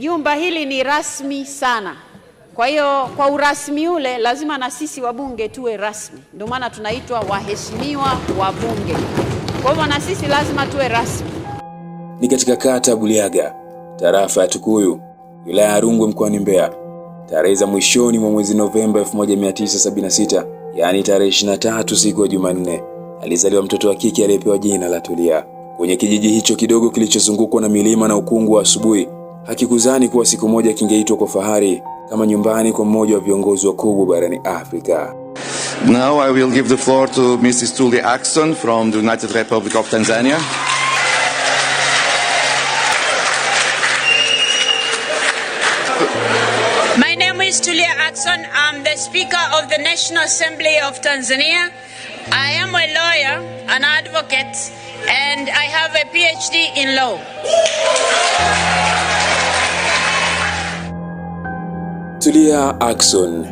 Jumba hili ni rasmi sana, kwa hiyo kwa urasmi ule lazima na sisi wabunge tuwe rasmi, ndio maana tunaitwa waheshimiwa wabunge. Kwa hivyo na sisi lazima tuwe rasmi. Ni katika kata ya Buliaga, tarafa ya Tukuyu, wilaya ya Rungwe, mkoani Mbeya, tarehe za mwishoni mwa mwezi Novemba 1976 yaani tarehe 23 siku ya Jumanne, alizaliwa mtoto wa kike aliyepewa jina la Tulia. Kwenye kijiji hicho kidogo kilichozungukwa na milima na ukungu wa asubuhi Hakikuzani kuwa siku moja kingeitwa kwa fahari kama nyumbani kwa mmoja wa viongozi wakubwa barani Afrika. Now I will give the floor to Mrs. Tuli Axon from the United Republic of Tanzania. My name is Tulia Axon. I'm the Speaker of the National Assembly of Tanzania. I am a lawyer, an advocate, and I have a PhD in law. Yeah. Tulia Ackson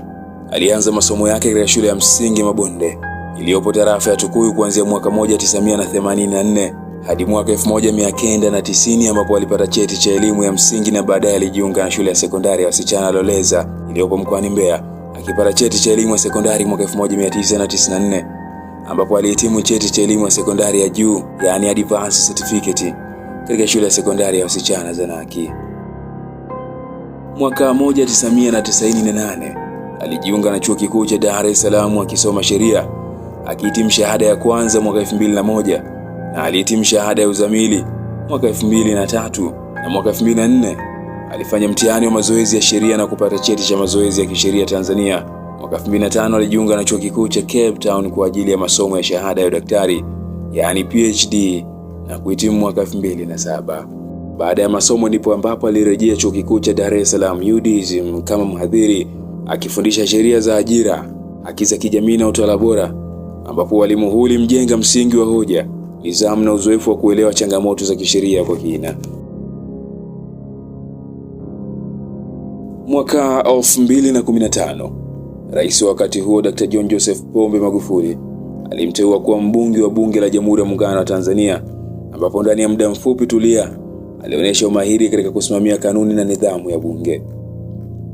alianza masomo yake katika shule ya msingi Mabonde iliyopo tarafa ya Tukuyu kuanzia mwaka 1984 hadi mwaka 1990 ambapo alipata cheti cha elimu ya msingi na baadaye alijiunga na shule ya sekondari ya wasichana Loleza iliyopo mkoani Mbeya akipata cheti cha elimu ya sekondari mwaka 1994 ambapo alihitimu cheti cha elimu ya sekondari ya juu yani advanced certificate katika shule ya sekondari ya wasichana Zanaki mwaka 1998 alijiunga na chuo kikuu cha Dar es Salaam akisoma sheria, akihitimu shahada ya kwanza mwaka 2001 na alihitimu shahada ya uzamili mwaka 2003 na mwaka 2004 alifanya mtihani wa mazoezi ya sheria na kupata cheti cha mazoezi ya kisheria Tanzania. Mwaka 2005 alijiunga na chuo kikuu cha Cape Town kwa ajili ya masomo ya shahada ya udaktari, yaani PhD na kuhitimu mwaka 2007. Baada ya masomo ndipo ambapo alirejea chuo kikuu cha Dar es Salaam UDSM kama mhadhiri akifundisha sheria za ajira, haki za kijamii na utawala bora, ambapo walimu huu ulimjenga msingi wa hoja, nidhamu na uzoefu wa kuelewa changamoto za kisheria kwa kina. Mwaka 2015 rais wa wakati huo Dr. John Joseph Pombe Magufuli alimteua kuwa mbunge wa Bunge la Jamhuri ya Muungano wa Tanzania, ambapo ndani ya muda mfupi Tulia alionyesha umahiri katika kusimamia kanuni na nidhamu ya bunge.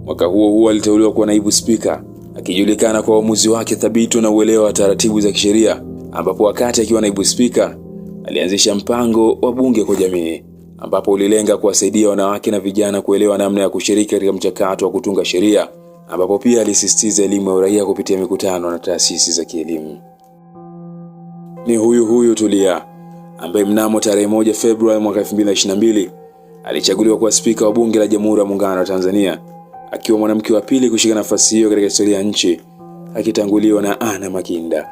Mwaka huo huo aliteuliwa kuwa naibu spika, akijulikana kwa uamuzi wake thabiti na uelewa wa taratibu za kisheria, ambapo wakati akiwa naibu spika alianzisha mpango wa bunge kwa jamii, ambapo ulilenga kuwasaidia wanawake na vijana kuelewa namna ya kushiriki katika mchakato wa kutunga sheria, ambapo pia alisisitiza elimu ya uraia kupitia mikutano na taasisi za kielimu. Ni huyu huyu Tulia ambaye mnamo tarehe moja Februari mwaka 2022 alichaguliwa kuwa spika wa bunge la Jamhuri ya Muungano wa Tanzania, akiwa mwanamke wa pili kushika nafasi hiyo katika historia ya nchi, akitanguliwa na Anna Makinda.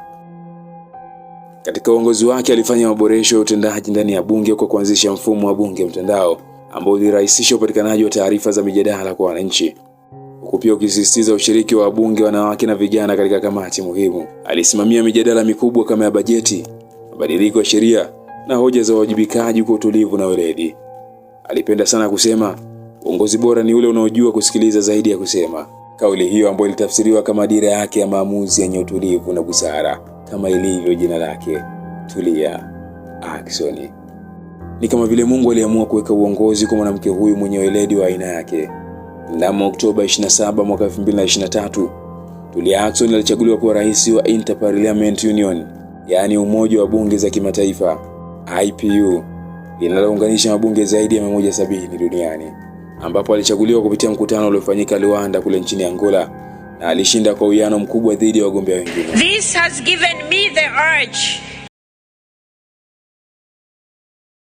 Katika uongozi wake alifanya maboresho ya utendaji ndani ya bunge kwa kuanzisha mfumo wa bunge mtandao ambao ulirahisisha upatikanaji wa taarifa za mijadala kwa wananchi huku pia ukisisitiza ushiriki wa wabunge wanawake na vijana katika kamati muhimu. Alisimamia mijadala mikubwa kama ya bajeti, mabadiliko ya sheria, na hoja za uwajibikaji kwa utulivu na weledi. Alipenda sana kusema uongozi bora ni ule unaojua kusikiliza zaidi ya kusema. Kauli hiyo ambayo ilitafsiriwa kama dira yake ya maamuzi yenye utulivu na busara, kama ilivyo jina lake, Tulia Ackson. Ni kama vile Mungu aliamua kuweka uongozi kwa mwanamke huyu mwenye weledi wa aina yake. Mnamo Oktoba 27 mwaka 2023, Tulia Ackson alichaguliwa kuwa rais wa Interparliament Union, yaani umoja wa bunge za kimataifa IPU linalounganisha mabunge zaidi ya 170 duniani ambapo alichaguliwa kupitia mkutano uliofanyika Luanda kule nchini Angola na alishinda kwa uwiano mkubwa dhidi ya wagombea wengine. This has given me the urge